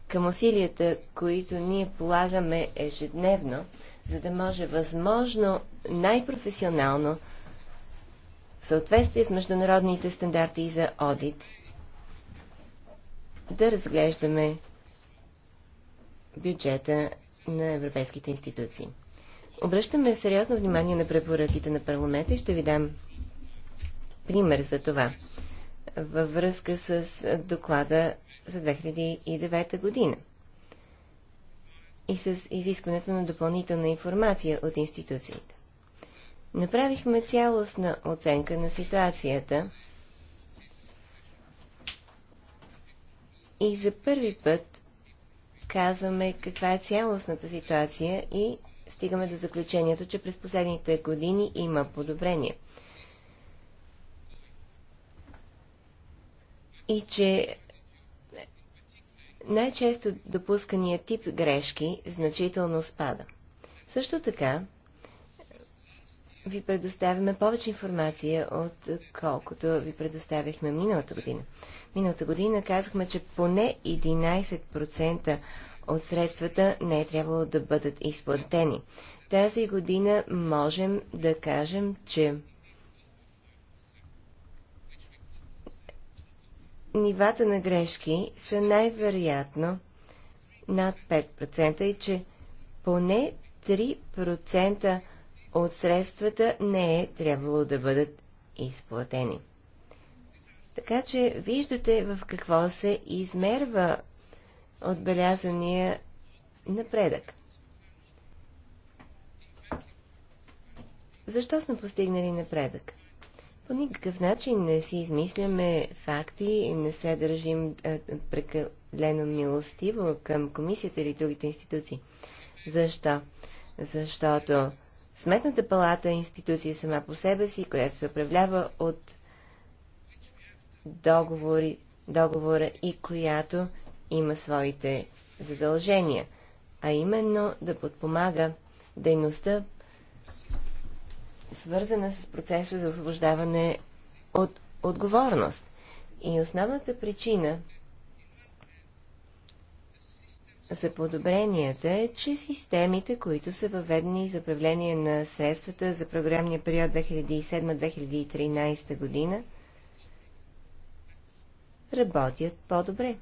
към усилията, които ние полагаме ежедневно, за да може възможно най-професионално в съответствие с международните стандарти за одит да разглеждаме бюджета на европейските институции. Обръщаме сериозно внимание на препоръките на парламента и ще ви дам пример за това във връзка с доклада за 2009 година и с изискването на допълнителна информация от институциите. Направихме цялостна оценка на ситуацията и за първи път казваме каква е цялостната ситуация и стигаме до заключението, че през последните години има подобрение. И че най-често допускания тип грешки значително спада. Също така, ви предоставяме повече информация, от колкото ви предоставяхме миналата година. Миналата година казахме, че поне 11% от средствата не е трябвало да бъдат изплатени. Тази година можем да кажем, че нивата на грешки са най-вероятно над 5% и че поне 3% от средствата не е трябвало да бъдат изплатени. Така че виждате в какво се измерва отбелязания напредък. Защо сме постигнали напредък? По никакъв начин не си измисляме факти и не се държим прекалено милостиво към комисията или другите институции. Защо? Защото Сметната палата е институция сама по себе си, която се управлява от договори, договора и която има своите задължения, а именно да подпомага дейността, свързана с процеса за освобождаване от отговорност. И основната причина – за подобренията е, че системите, които са въведени за управление на средствата за програмния период 2007-2013 година, работят по-добре.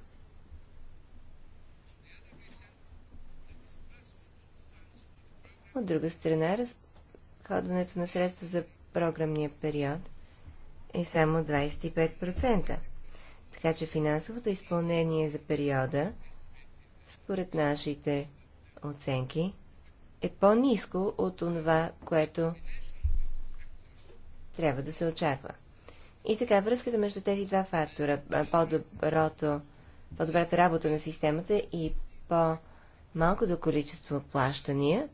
От друга страна, разходването на средства за програмния период е само 25%. Така че финансовото изпълнение за периода според нашите оценки, е по-низко от това, което трябва да се очаква. И така, връзката между тези два фактора, по-доброто, по-добрата работа на системата и по-малкото количество плащания,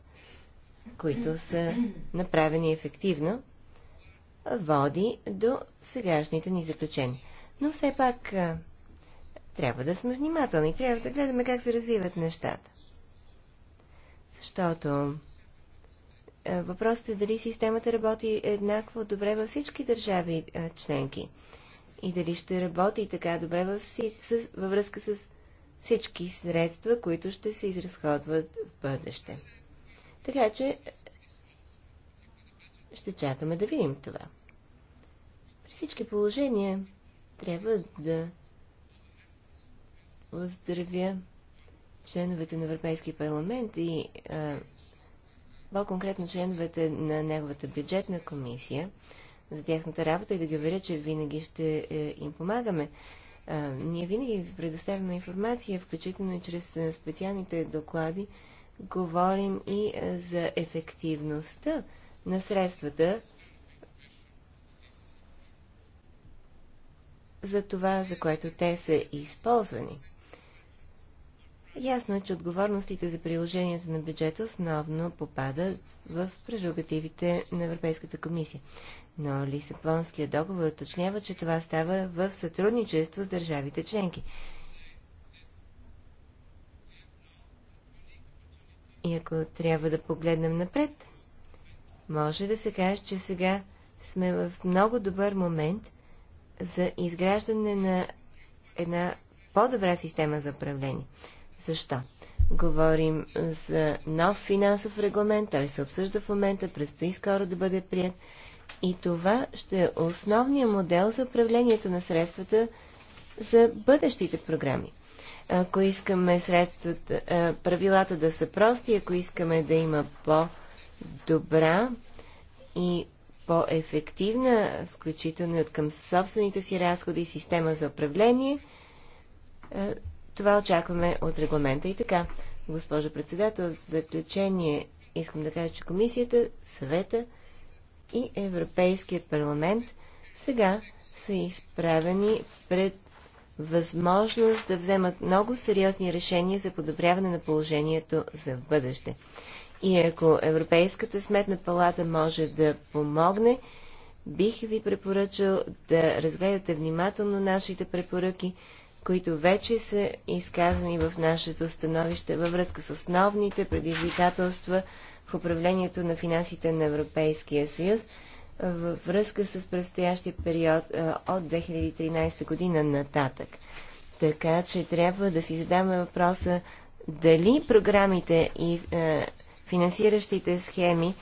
които са направени ефективно, води до сегашните ни заключения. Но все пак трябва да сме внимателни, трябва да гледаме как се развиват нещата. Защото е, въпросът е дали системата работи еднакво добре във всички държави е, членки и дали ще работи така добре във, връзка с всички средства, които ще се изразходват в бъдеще. Така че е, ще чакаме да видим това. При всички положения трябва да поздравя членовете на Европейския парламент и по-конкретно членовете на неговата бюджетна комисия за тяхната работа и да ги уверя, че винаги ще е, им помагаме. А, ние винаги ви предоставяме информация, включително и чрез специалните доклади. Говорим и за ефективността на средствата за това, за което те са използвани. Ясно е, че отговорностите за приложението на бюджета основно попадат в прерогативите на Европейската комисия. Но Лисабонският договор уточнява, че това става в сътрудничество с държавите членки. И ако трябва да погледнем напред, може да се каже, че сега сме в много добър момент за изграждане на една по-добра система за управление. Защо? Говорим за нов финансов регламент, той се обсъжда в момента, предстои скоро да бъде прият. И това ще е основният модел за управлението на средствата за бъдещите програми. Ако искаме средствата, правилата да са прости, ако искаме да има по-добра и по-ефективна, включително и от към собствените си разходи, система за управление, това очакваме от регламента. И така, госпожо председател, в заключение искам да кажа, че комисията, съвета и Европейският парламент сега са изправени пред възможност да вземат много сериозни решения за подобряване на положението за бъдеще. И ако Европейската сметна палата може да помогне, бих ви препоръчал да разгледате внимателно нашите препоръки, които вече са изказани в нашето становище във връзка с основните предизвикателства в управлението на финансите на Европейския съюз във връзка с предстоящия период от 2013 година нататък. Така че трябва да си задаваме въпроса дали програмите и финансиращите схеми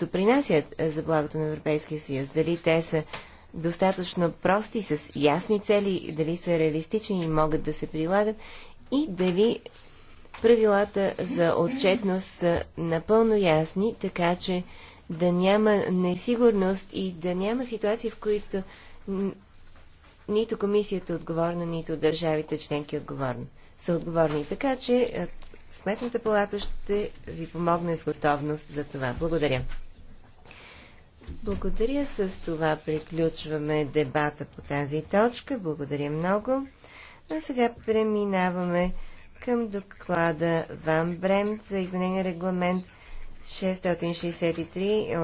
допринасят за благото на Европейския съюз, дали те са достатъчно прости, с ясни цели, дали са реалистични и могат да се прилагат и дали правилата за отчетност са напълно ясни, така че да няма несигурност и да няма ситуации, в които нито комисията е отговорна, нито държавите членки отговорни. са отговорни. Така че е, Сметната палата ще ви помогне с готовност за това. Благодаря. Благодаря. С това приключваме дебата по тази точка. Благодаря много. А сега преминаваме към доклада Ван Бремт за изменение регламент 663